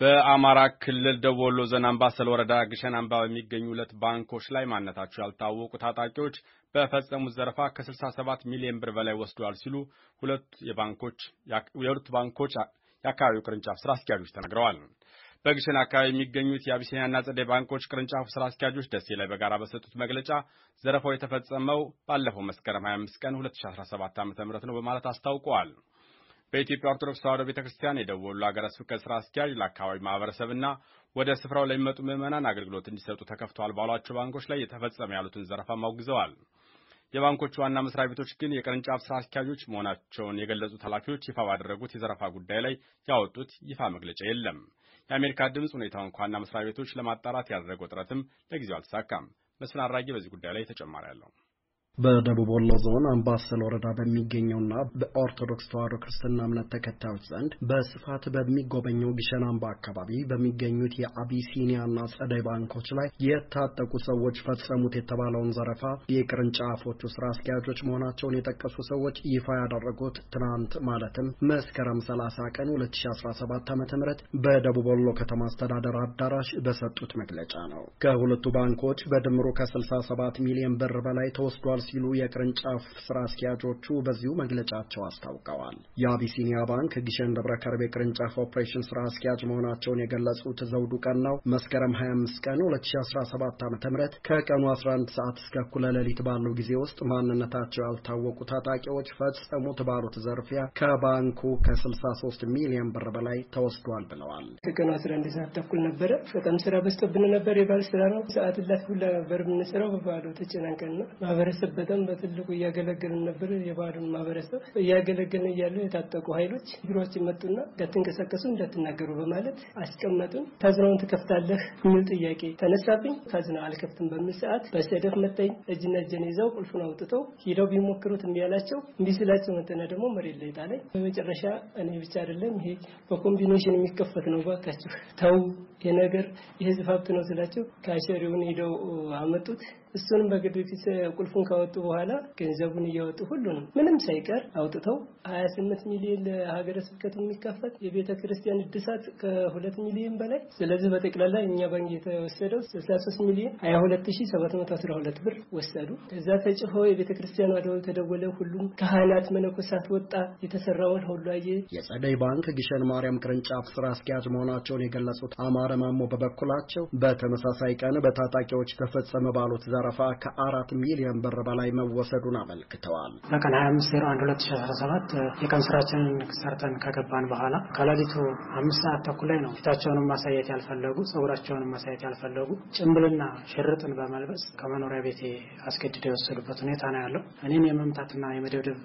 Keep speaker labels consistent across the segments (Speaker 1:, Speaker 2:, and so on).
Speaker 1: በአማራ ክልል ደቡብ ወሎ ዞን አምባሰል ወረዳ ግሸን አምባ በሚገኙ ሁለት ባንኮች ላይ ማንነታቸው ያልታወቁ ታጣቂዎች በፈጸሙት ዘረፋ ከ67 ሚሊዮን ብር በላይ ወስደዋል ሲሉ የሁለቱ ባንኮች የአካባቢው ቅርንጫፍ ስራ አስኪያጆች ተናግረዋል። በግሸን አካባቢ የሚገኙት የአቢሲኒያና ጸደይ ባንኮች ቅርንጫፍ ስራ አስኪያጆች ደሴ ላይ በጋራ በሰጡት መግለጫ ዘረፋው የተፈጸመው ባለፈው መስከረም 25 ቀን 2017 ዓ ም ነው በማለት አስታውቀዋል። በኢትዮጵያ ኦርቶዶክስ ተዋሕዶ ቤተ ክርስቲያን የደቡብ ወሎ ሀገረ ስብከት ስራ አስኪያጅ ለአካባቢ ማህበረሰብና ወደ ስፍራው ለሚመጡ ምዕመናን አገልግሎት እንዲሰጡ ተከፍተዋል ባሏቸው ባንኮች ላይ የተፈጸመ ያሉትን ዘረፋ አውግዘዋል። የባንኮቹ ዋና መስሪያ ቤቶች ግን የቅርንጫፍ ስራ አስኪያጆች መሆናቸውን የገለጹት ኃላፊዎች ይፋ ባደረጉት የዘረፋ ጉዳይ ላይ ያወጡት ይፋ መግለጫ የለም። የአሜሪካ ድምፅ ሁኔታውን ከዋና መስሪያ ቤቶች ለማጣራት ያደረገው ጥረትም ለጊዜው አልተሳካም። መስፍን አራጌ በዚህ ጉዳይ ላይ ተጨማሪ አለው።
Speaker 2: በደቡብ ወሎ ዞን አምባሰል ወረዳ በሚገኘውና በኦርቶዶክስ ተዋሕዶ ክርስትና እምነት ተከታዮች ዘንድ በስፋት በሚጎበኘው ግሸን አምባ አካባቢ በሚገኙት የአቢሲኒያና ጸደይ ባንኮች ላይ የታጠቁ ሰዎች ፈጸሙት የተባለውን ዘረፋ የቅርንጫፎቹ ስራ አስኪያጆች መሆናቸውን የጠቀሱ ሰዎች ይፋ ያደረጉት ትናንት ማለትም መስከረም 30 ቀን 2017 ዓ ም በደቡብ ወሎ ከተማ አስተዳደር አዳራሽ በሰጡት መግለጫ ነው። ከሁለቱ ባንኮች በድምሩ ከ67 ሚሊዮን ብር በላይ ተወስዷል ሲሉ የቅርንጫፍ ስራ አስኪያጆቹ በዚሁ መግለጫቸው አስታውቀዋል። የአቢሲኒያ ባንክ ግሸን ደብረ ከርቤ ቅርንጫፍ ኦፕሬሽን ስራ አስኪያጅ መሆናቸውን የገለጹት ዘውዱ ቀን ነው መስከረም 25 ቀን 2017 ዓ ም ከቀኑ 11 ሰዓት እስከ እኩለ ሌሊት ባለው ጊዜ ውስጥ ማንነታቸው ያልታወቁ ታጣቂዎች ፈጸሙት ባሉት ዘርፊያ ከባንኩ ከ63 ሚሊዮን ብር በላይ ተወስዷል ብለዋል።
Speaker 3: ከቀኑ 11 ሰዓት ተኩል ነበረ። በጣም ስራ በዝቶብን ነበር። የባል ስራ ነው። ሰዓት ላት ሁላ ነበር የምንሰራው። በባዶ ተጨናንቀን ነው ማህበረሰብ በጣም በትልቁ እያገለገልን ነበር። የባህሉን ማህበረሰብ እያገለገልን እያለ የታጠቁ ኃይሎች ቢሮችን መጡና እንዳትንቀሳቀሱ እንዳትናገሩ በማለት አስቀመጡን። ካዝናውን ትከፍታለህ የሚል ጥያቄ ተነሳብኝ። ካዝና አልከፍትም በሚል ሰዓት በሰደፍ መታኝ። እጅና እጀን ይዘው ቁልፉን አውጥተው ሂደው ቢሞክሩት እምቢ አላቸው። እምቢ ስላቸው መጠና ደግሞ መሬት ላይ ጣለኝ። በመጨረሻ እኔ ብቻ አይደለም ይሄ በኮምቢኔሽን የሚከፈት ነው፣ ባካችሁ ተው የነገር የህዝብ ሀብት ነው ስላቸው ከአሸሪውን ሄደው አመጡት። እሱንም በግድፊት ቁልፉን ካወጡ በኋላ ገንዘቡን እያወጡ ሁሉንም ምንም ሳይቀር አውጥተው ሀያ ስምንት ሚሊዮን ለሀገረ ስብከት የሚከፈት የቤተ ክርስቲያን እድሳት ከሁለት ሚሊዮን በላይ ስለዚህ በጠቅላላ እኛ ባንክ የተወሰደው ስልሳ ሶስት ሚሊዮን ሀያ ሁለት ሺ ሰባት መቶ አስራ ሁለት ብር ወሰዱ። ከዛ ተጭፎ የቤተ ክርስቲያኗ ደወል ተደወለ። ሁሉም ካህናት መነኮሳት ወጣ የተሰራውን ሁሉ አየ።
Speaker 2: የጸደይ ባንክ ግሸን ማርያም ቅርንጫፍ ስራ አስኪያጅ መሆናቸውን የገለጹት አማራ ማሞ በበኩላቸው በተመሳሳይ ቀን በታጣቂዎች ተፈጸመ ባሉት ዘረፋ ከአራት ሚሊዮን ብር በላይ መወሰዱን አመልክተዋል። በቀን 25 1 ሰባት የቀን ስራችንን ሰርተን ከገባን በኋላ ከሌሊቱ አምስት ሰዓት ተኩል ላይ ነው ፊታቸውንም ማሳየት ያልፈለጉ ጸጉራቸውንም ማሳየት ያልፈለጉ ጭምብልና ሽርጥን በመልበስ ከመኖሪያ ቤቴ አስገድደው የወሰዱበት ሁኔታ ነው ያለው። እኔን የመምታትና የመደብደብ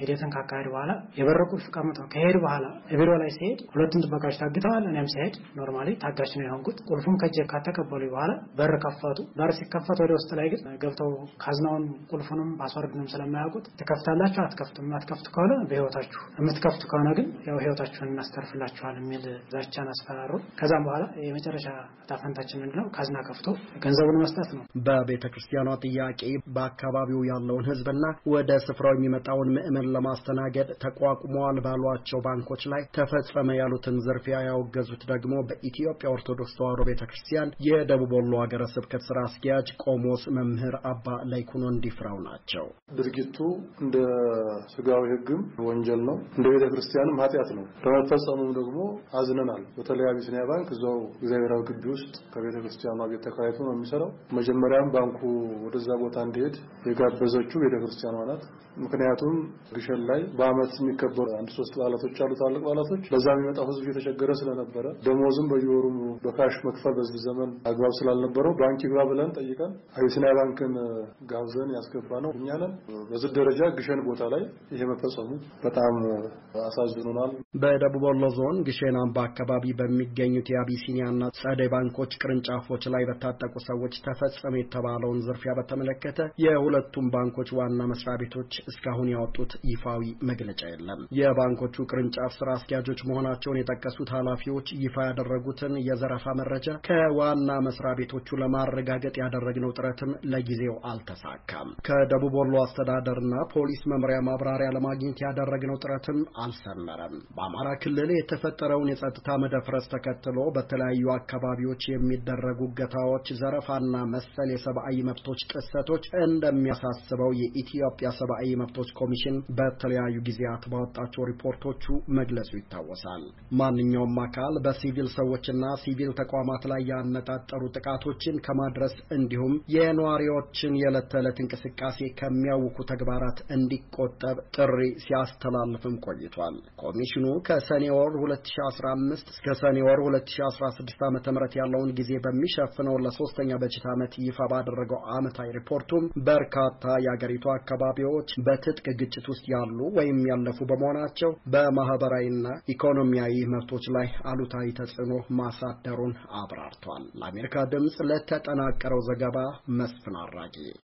Speaker 2: ሂደትን ካካሄድ በኋላ የበረቁ ፍቃመት ከሄድ በኋላ ቢሮ ላይ ሲሄድ ሁለቱም ጥበቃዎች ታግተዋል። እኔም ሲሄድ ኖርማሊ ታገ ተጎታች ነው የሆንኩት። ቁልፉን ከእጄ ከተቀበሉ በኋላ በር ከፈቱ። በር ሲከፈት ወደ ውስጥ ላይ ግን ገብተው ካዝናውን ቁልፉንም ፓስወርድንም ስለማያውቁት ትከፍታላችሁ፣ አትከፍቱ፣ የማትከፍቱ ከሆነ በህይወታችሁ፣ የምትከፍቱ ከሆነ ግን ያው ህይወታችሁን እናስተርፍላችኋል የሚል
Speaker 3: ዛቻን አስፈራሩ። ከዛም በኋላ የመጨረሻ ጣፈንታችን ምንድነው? ካዝና ከፍቶ
Speaker 2: ገንዘቡን መስጠት ነው። በቤተ ክርስቲያኗ ጥያቄ በአካባቢው ያለውን ህዝብና ወደ ስፍራው የሚመጣውን ምዕመን ለማስተናገድ ተቋቁመዋል ባሏቸው ባንኮች ላይ ተፈጸመ ያሉትን ዝርፊያ ያወገዙት ደግሞ በኢትዮጵያ የኢትዮጵያ ኦርቶዶክስ ተዋሕዶ ቤተ ክርስቲያን የደቡብ ወሎ ሀገረ ስብከት ስራ አስኪያጅ ቆሞስ መምህር አባ ላይኩኖ እንዲፍራው ናቸው።
Speaker 4: ድርጊቱ እንደ ስጋዊ ህግም ወንጀል ነው፣ እንደ ቤተ ክርስቲያንም ኃጢአት ነው። በመፈጸሙም ደግሞ አዝነናል። በተለይ አቢሲኒያ ባንክ እዛው እግዚአብሔራዊ ግቢ ውስጥ ከቤተ ክርስቲያኗ ቤት ተከራይቶ ነው የሚሰራው። መጀመሪያም ባንኩ ወደዛ ቦታ እንዲሄድ የጋበዘችው ቤተ ክርስቲያኗ ናት። ምክንያቱም ግሸን ላይ በአመት የሚከበሩ አንድ ሶስት በዓላቶች አሉ፣ ታላቅ በዓላቶች። በዛ የሚመጣው ህዝብ እየተቸገረ ስለነበረ ደሞዝም በየወሩም በካሽ መክፈል በዚህ ዘመን አግባብ ስላልነበረው ባንክ ይግባ ብለን ጠይቀን አቢሲኒያ ባንክን ጋብዘን ያስገባ ነው እኛንን። በዚህ ደረጃ ግሸን ቦታ ላይ ይሄ መፈጸሙ በጣም አሳዝኖናል።
Speaker 2: በደቡብ ወሎ ዞን ግሼን አምባ አካባቢ በሚገኙት የአቢሲኒያና ጸደይ ባንኮች ቅርንጫፎች ላይ በታጠቁ ሰዎች ተፈጸመ የተባለውን ዝርፊያ በተመለከተ የሁለቱም ባንኮች ዋና መስሪያ ቤቶች እስካሁን ያወጡት ይፋዊ መግለጫ የለም። የባንኮቹ ቅርንጫፍ ስራ አስኪያጆች መሆናቸውን የጠቀሱት ኃላፊዎች ይፋ ያደረጉትን የዘረፋ መረጃ ከዋና መስሪያ ቤቶቹ ለማረጋገጥ ያደረግነው ጥረትም ለጊዜው አልተሳካም። ከደቡብ ወሎ አስተዳደርና ፖሊስ መምሪያ ማብራሪያ ለማግኘት ያደረግነው ጥረትም አልሰመረም። በአማራ ክልል የተፈጠረውን የጸጥታ መደፍረስ ተከትሎ በተለያዩ አካባቢዎች የሚደረጉ እገታዎች፣ ዘረፋና መሰል የሰብአዊ መብቶች ጥሰቶች እንደሚያሳስበው የኢትዮጵያ ሰብአዊ መብቶች ኮሚሽን በተለያዩ ጊዜያት ባወጣቸው ሪፖርቶቹ መግለጹ ይታወሳል። ማንኛውም አካል በሲቪል ሰዎችና ሲቪል ተቋማት ላይ ያነጣጠሩ ጥቃቶችን ከማድረስ እንዲሁም የነዋሪዎችን የዕለት ተዕለት እንቅስቃሴ ከሚያውኩ ተግባራት እንዲቆጠብ ጥሪ ሲያስተላልፍም ቆይቷል። ኮሚሽኑ ከሰኔ ወር 2015 እስከ ሰኔ ወር 2016 ዓ ም ያለውን ጊዜ በሚሸፍነው ለሶስተኛ በጀት ዓመት ይፋ ባደረገው ዓመታዊ ሪፖርቱም በርካታ የአገሪቱ አካባቢዎች በትጥቅ ግጭት ውስጥ ያሉ ወይም ያለፉ በመሆናቸው በማህበራዊና ኢኮኖሚያዊ መብቶች ላይ አሉታዊ ተጽዕኖ ማሳደሩን አብራርቷል። ለአሜሪካ ድምፅ ለተጠናቀረው ዘገባ መስፍን አራጌ